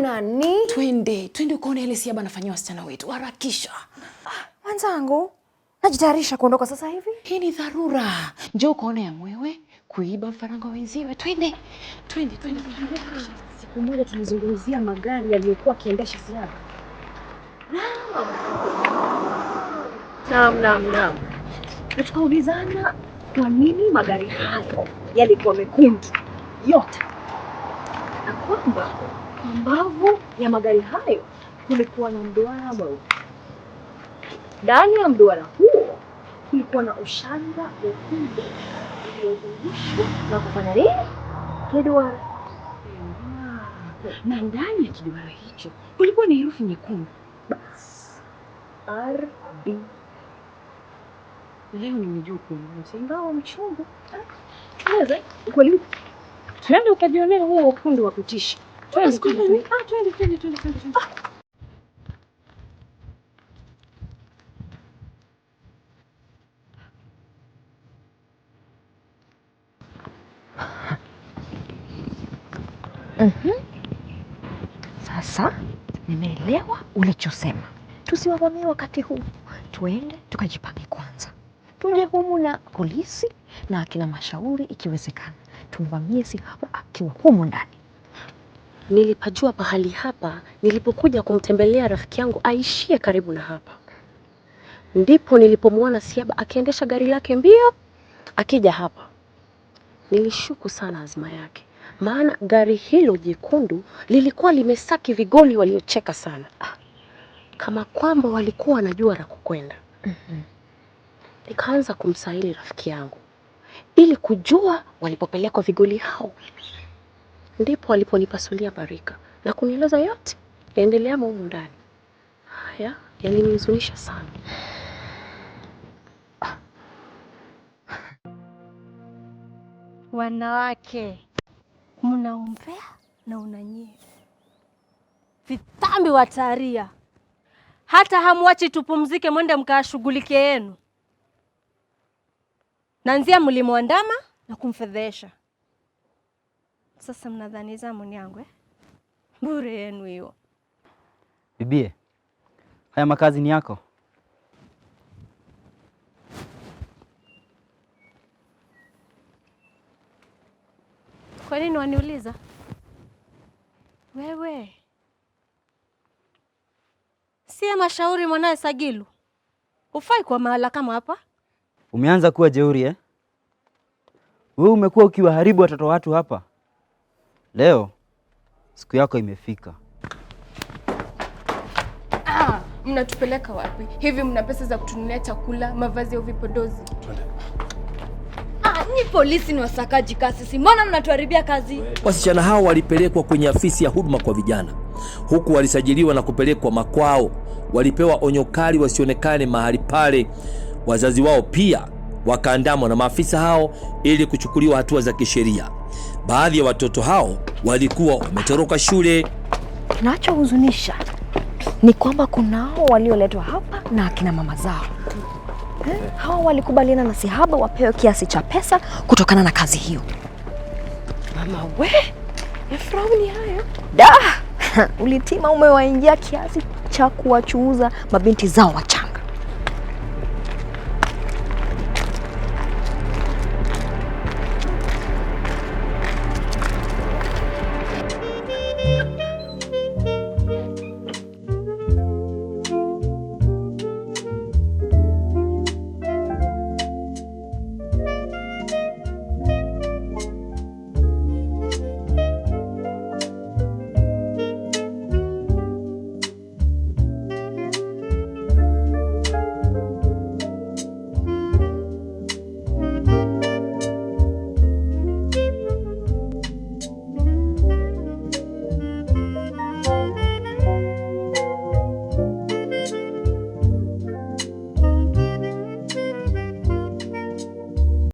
nani? Twende twende ukaone ile siaba anafanyia wasichana wetu, harakisha. Ah, mwanzangu najitayarisha kuondoka sasa hivi. Hii ni dharura, njoo ukaone ya mwewe kuiba mfaranga wenziwe. Twende twende twende. Siku moja tulizungumzia magari yaliyokuwa akiendesha siaba. Naam, naam, naam, na tukaulizana kwa nini magari hayo yalikuwa mekundu yote na kwamba ambavu ya magari hayo kulikuwa na mduara mweupe. Ndani ya mduara huo kulikuwa na ushanga wekundu uliozungushwa na kufanya nini kiduara, na ndani ya kiduara hicho kulikuwa na herufi nyekundu. Basi RB leo nimejua kuongoza, ingawa mchungu. Tunaenda ukajionea huo ukundu wa kutisha. Sasa nimeelewa ulichosema, tusiwavamie wakati huu, tuende tukajipange kwanza, tuje humu na polisi na akina mashauri, ikiwezekana tumvamie si hapo akiwa humu ndani. Nilipajua pahali hapa, nilipokuja kumtembelea rafiki yangu aishie karibu na hapa. Ndipo nilipomwona Siaba akiendesha gari lake mbio akija hapa. Nilishuku sana azma yake, maana gari hilo jekundu lilikuwa limesaki vigoli waliocheka sana, kama kwamba walikuwa wanajua la kukwenda. Mhm. Nikaanza kumsaili rafiki yangu ili kujua walipopelekwa vigoli hao ndipo aliponipasulia barika na kunieleza yote yaendeleamo humu ndani. Haya yalinihuzunisha sana. Wanawake mnaombea na unanyie vitambi wa taaria hata hamwachi tupumzike, mwende mkaashughulikie yenu. Nanzia mlimwandama na kumfedhesha sasa mnadhani ni yangu eh? bure yenu hiyo. Bibie, haya makazi ni yako? Kwa nini waniuliza wewe? Sie mashauri mwanaye Sagilu, ufai kwa mahala kama hapa. Umeanza kuwa jeuri eh? Wewe umekuwa ukiwaharibu watoto watu hapa Leo siku yako imefika. Ah, mnatupeleka wapi hivi? Mna pesa za kutunulia chakula, mavazi au vipodozi? Ah, ni polisi ni wasakaji kasi, si mbona mnatuharibia kazi? Wasichana hao walipelekwa kwenye afisi ya huduma kwa vijana, huku walisajiliwa na kupelekwa makwao. Walipewa onyo kali wasionekane mahali pale. Wazazi wao pia wakaandamwa na maafisa hao ili kuchukuliwa hatua za kisheria. Baadhi ya watoto hao walikuwa wametoroka shule. Kinachohuzunisha ni kwamba kunao walioletwa hapa na akina mama zao eh, hawa walikubaliana na Sihaba wapewe kiasi cha pesa kutokana na kazi hiyo. Mama we, Firauni hayo da ulitima umewaingia kiasi cha kuwachuuza mabinti zao wachanga.